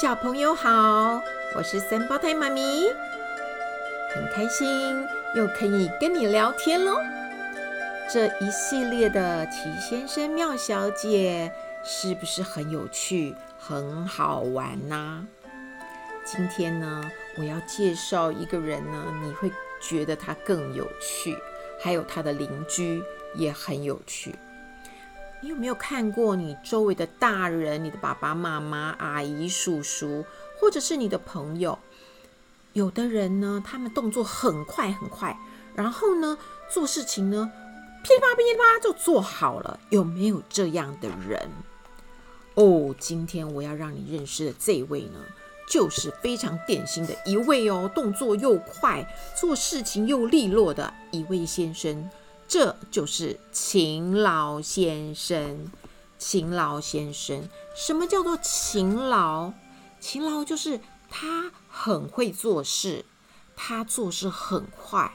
小朋友好，我是三胞胎媽咪，很開心又可以跟你聊天嘍。這一系列的奇先生妙小姐是不是很有趣、很好玩呢？啊？今天呢，我要介紹一個人呢，你會覺得他更有趣，還有他的鄰居也很有趣。你有沒有看過你週圍的大人，你的爸爸媽媽、阿姨、叔叔，或者是你的朋友？有的人呢，他們動作很快很快，然後呢，做事情呢，噼裡啪啦、噼裡啪啦就做好了。有沒有這樣的人？哦，今天我要讓你認識的這位呢，就是非常典型的一位哦，動作又快，做事情又俐落的一位先生。這就是勤勞先生。勤勞先生，什麼叫做勤勞？勤勞就是他很會做事，他做事很快，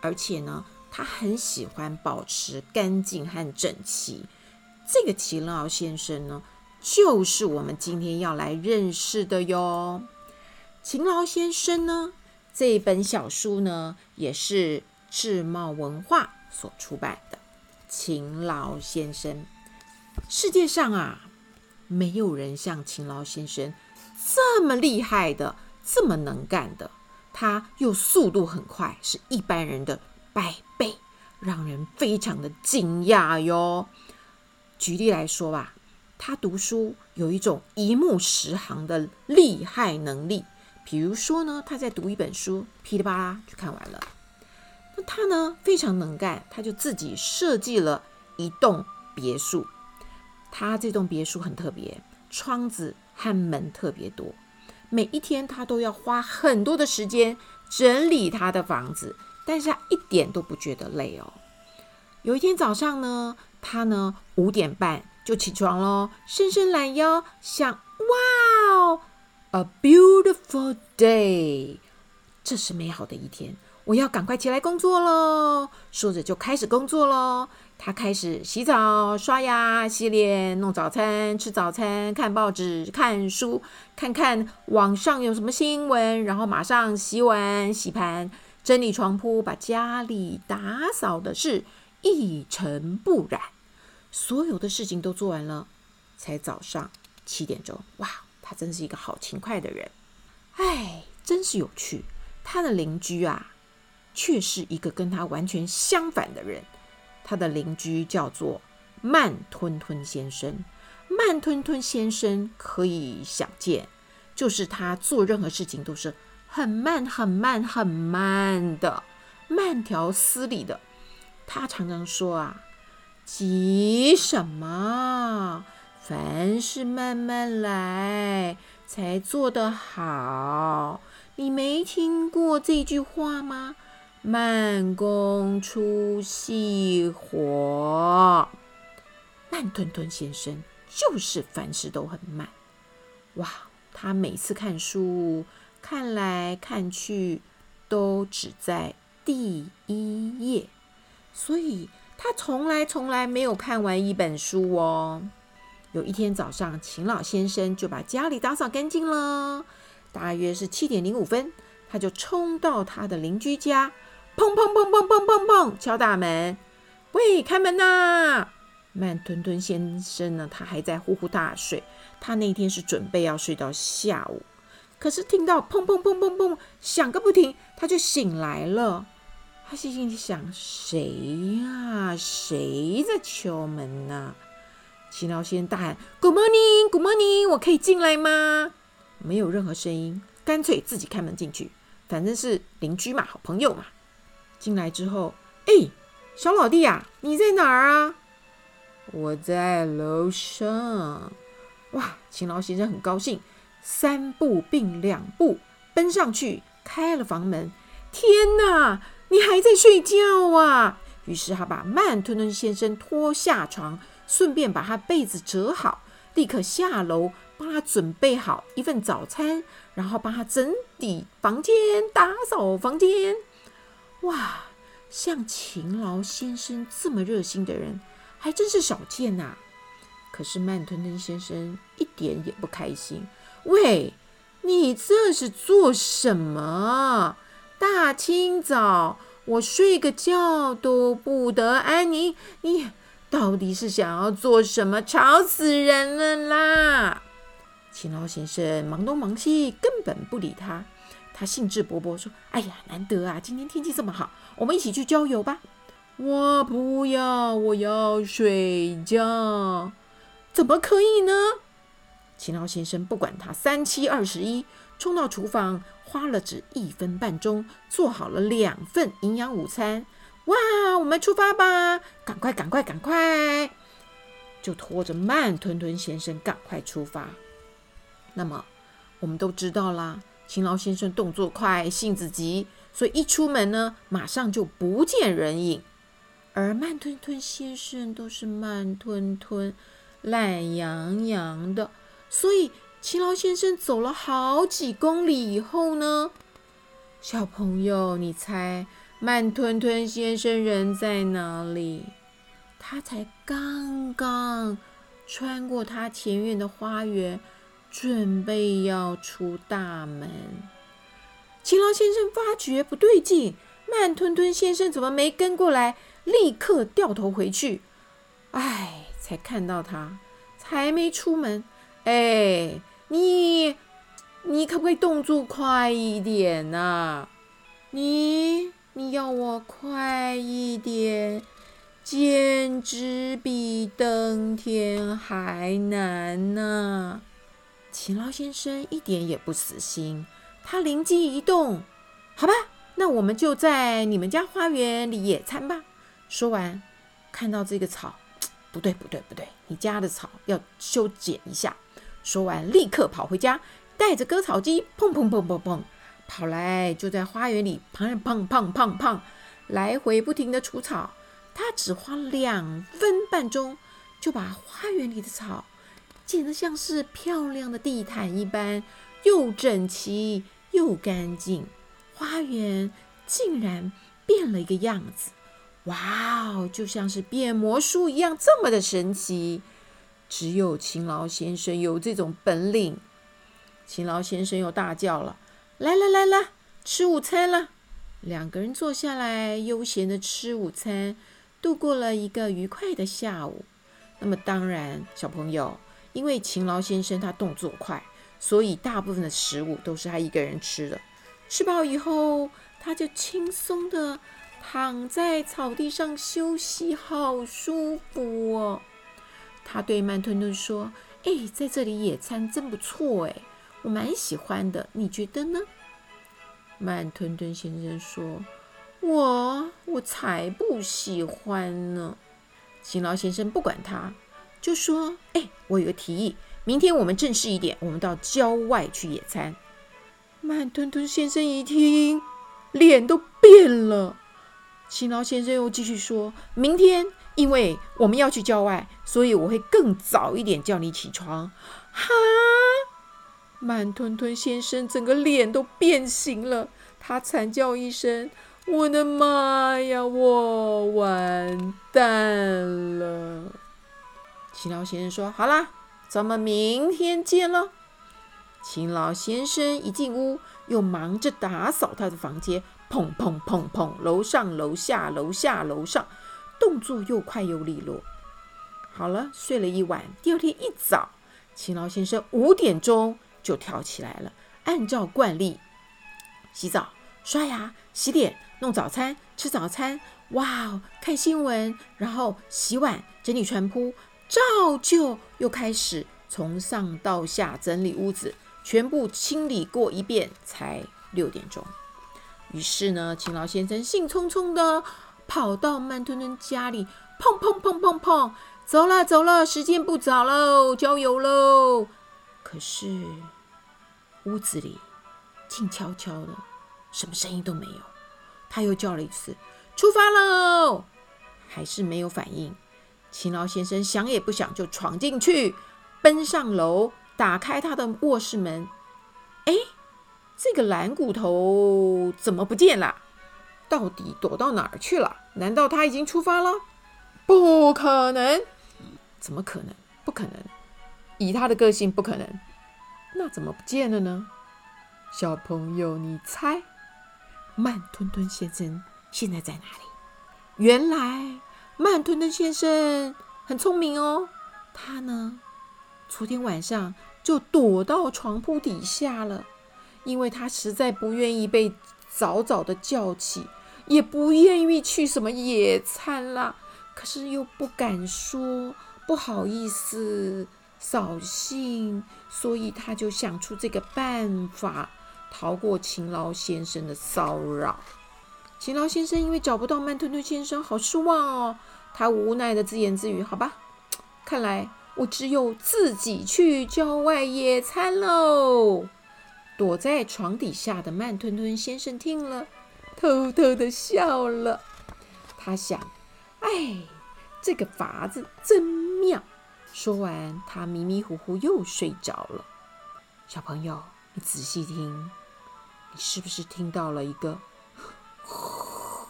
而且呢，他很喜歡保持乾淨和整齊。這個勤勞先生呢，就是我們今天要來認識的喲。勤勞先生呢，這本小書呢，也是智茂文化。所出版的《勤勞先生》，世界上啊，沒有人像勤勞先生這麼厲害的，這麼能幹的。他又速度很快，是一般人的百倍，讓人非常的驚訝喲。舉例來說吧，他讀書有一種一目十行的厲害能力。比如說呢，他在讀一本書，噼里啪啦就看完了。那他呢，非常能幹，他就自己設計了一棟別墅。他這棟別墅很特別，窗子和門特別多。每一天他都要花很多的時間整理他的房子，但是他一點都不覺得累哦。有一天早上呢，他呢，五點半就起床嘍，伸伸懶腰，想：哇哦，A beautiful day，這是美好的一天。我要趕快起來工作嘍！說着就開始工作嘍。他開始洗澡、刷牙、洗臉、弄早餐、吃早餐、看報紙、看書，看看網上有什麼新聞，然後馬上洗碗、洗盤、整理床鋪，把家裡打掃的是一塵不染。所有的事情都做完了，才早上七點鐘。哇，他真是一個好勤快的人！唉，真是有趣。他的鄰居啊，卻是一個跟他完全相反的人，他的鄰居叫做慢吞吞先生。慢吞吞先生可以想見，就是他做任何事情都是很慢、很慢、很慢的，慢條斯理的。他常常說啊：“急什麼？凡事慢慢來，才做得好。”你沒聽過這句話嗎？慢工出細活，慢吞吞先生就是凡事都很慢。哇，他每次看書看來看去都只在第一頁，所以他從來從來沒有看完一本書哦。有一天早上，勤勞先生就把家裡打掃乾淨了，大約是七點零五分，他就衝到他的鄰居家。砰砰砰砰砰砰砰！敲大門，喂，開門吶！慢吞吞先生呢？他還在呼呼大睡。他那天是準備要睡到下午，可是聽到砰砰砰砰砰響個不停，他就醒來了。他心裡想：誰呀？誰在敲門吶？勤勞先生大喊：“Good morning, Good morning！我可以進來嗎？”沒有任何聲音，乾脆自己開門進去。反正是鄰居嘛，好朋友嘛。進來之後，哎、欸，小老弟呀，啊，你在哪兒啊？我在樓上。哇，勤勞先生很高興，三步併兩步奔上去，開了房門。天哪，你還在睡覺啊！於是他把慢吞吞先生拖下床，順便把他被子折好，立刻下樓幫他準備好一份早餐，然後幫他整理房間、打掃房間。哇，像勤勞先生這麼熱心的人還真是少見吶、啊！可是慢吞吞先生一點也不開心。喂，你這是做什麼？大清早我睡個覺都不得安寧，你到底是想要做什麼？吵死人了啦！勤勞先生忙東忙西，根本不理他。他興致勃勃說：“哎呀，難得啊，今天天氣這麼好，我們一起去郊遊吧！”我不要，我要睡覺，怎麼可以呢？勤勞先生不管他三七二十一，衝到廚房，花了只一分半鐘，做好了兩份營養午餐。哇，我們出發吧！趕快，趕快，趕快！就拖着慢吞吞先生趕快出發。那麼，我們都知道啦。勤勞先生動作快，性子急，所以一出門呢，馬上就不見人影。而慢吞吞先生都是慢吞吞、懶洋洋的，所以勤勞先生走了好幾公里以後呢，小朋友，你猜慢吞吞先生人在哪裡？他才剛剛穿過他前院的花園。準備要出大門，勤勞先生發覺不對勁，慢吞吞先生怎麼沒跟過來？立刻掉頭回去。哎，才看到他，才沒出門。哎、欸，你你可不可以動作快一點吶、啊？你你要我快一點，簡直比登天還難吶、啊。勤勞先生一點也不死心，他靈機一動：“好吧，那我們就在你們家花園裡野餐吧。”說完，看到這個草，不對不對不對，你家的草要修剪一下。說完，立刻跑回家，帶着割草機，砰砰砰砰砰，砰，跑來就在花園裡，砰砰砰砰砰，來回不停的除草。他只花兩分半鐘就把花園裡的草。顯得像是漂亮的地毯一般，又整齊又乾淨。花園竟然變了一個樣子，哇哦，就像是變魔術一樣，這麼的神奇！只有勤勞先生有這種本領。勤勞先生又大叫了：“來了，來了，吃午餐了！”兩個人坐下來，悠閒地吃午餐，度過了一個愉快的下午。那麼，當然，小朋友。因為勤勞先生他動作快，所以大部分的食物都是他一個人吃的。吃飽以後，他就輕鬆地躺在草地上休息，好舒服哦。他對慢吞吞說：“哎、欸，在這裡野餐真不錯哎，我蠻喜歡的。你覺得呢？”慢吞吞先生說：“我我才不喜歡呢。”勤勞先生不管他。就說：“哎、欸，我有個提議，明天我們正式一點，我們到郊外去野餐。”慢吞吞先生一聽，臉都變了。勤勞先生又繼續說：“明天，因為我們要去郊外，所以我會更早一點叫你起床。”哈！慢吞吞先生整個臉都變形了，他慘叫一聲：“我的媽呀！我完蛋了！”勤勞先生說：“好啦，咱們明天見了。”勤勞先生一進屋，又忙着打掃他的房間，砰砰砰砰，樓上樓下，樓下樓上，動作又快又俐落。好了，睡了一晚，第二天一早，勤勞先生五點鐘就跳起來了，按照慣例，洗澡、刷牙、洗臉、弄早餐、吃早餐，哇，看新聞，然後洗碗、整理床鋪。照舊又開始從上到下整理屋子，全部清理過一遍，才六點鐘。於是呢，勤勞先生興沖沖的跑到慢吞吞家裡，砰砰砰砰砰，走了走了，時間不早嘍，郊遊嘍。可是屋子裡靜悄悄的，什麼聲音都沒有。他又叫了一次，出發嘍，還是沒有反應。勤勞先生想也不想就闖進去，奔上樓，打開他的臥室門。誒、欸，這個懶骨頭怎麼不見了？到底躲到哪兒去了？難道他已經出發了？不可能！怎麼可能？不可能！以他的個性，不可能。那怎麼不見了呢？小朋友，你猜，慢吞吞先生現在在哪裡？原來。慢吞吞先生很聰明哦，他呢，昨天晚上就躲到床鋪底下了，因為他實在不願意被早早的叫起，也不願意去什麼野餐啦，可是又不敢說，不好意思掃興，所以他就想出這個辦法，逃過勤勞先生的騷擾。勤勞先生因為找不到慢吞吞先生，好失望哦。他無奈的自言自語：“好吧，看來我只有自己去郊外野餐嘍。”躲在床底下的慢吞吞先生聽了，偷偷的笑了。他想：“哎，這個法子真妙。”說完，他迷迷糊糊又睡着了。小朋友，你仔細聽，你是不是聽到了一個？呼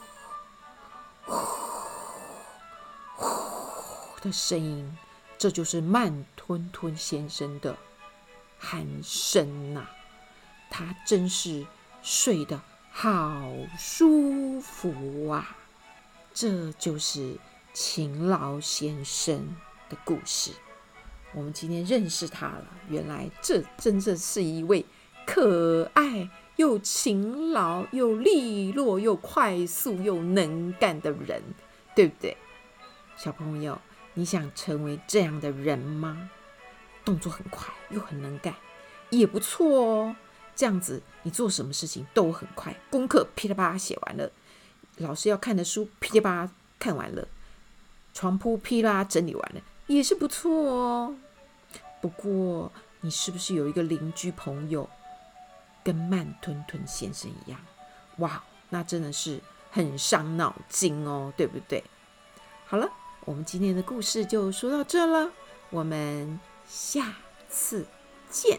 呼呼的聲音，這就是慢吞吞先生的鼾聲吶、啊。他真是睡得好舒服啊！這就是勤勞先生的故事。我們今天認識他了，原來這真的是一位可愛，又勤勞又利落又快速又能幹的人，對不對？小朋友，你想成為這樣的人嗎？動作很快又很能幹，也不錯哦。這樣子，你做什麼事情都很快，功課噼裡啪啦寫完了，老師要看的書噼裡啪啦看完了，床鋪噼裡啪啦整理完了，也是不錯哦。不過，你是不是有一個鄰居朋友？跟慢吞吞先生一樣，哇，那真的是很傷腦筋哦，對不對？好了，我們今天的故事就說到這了，我們下次見。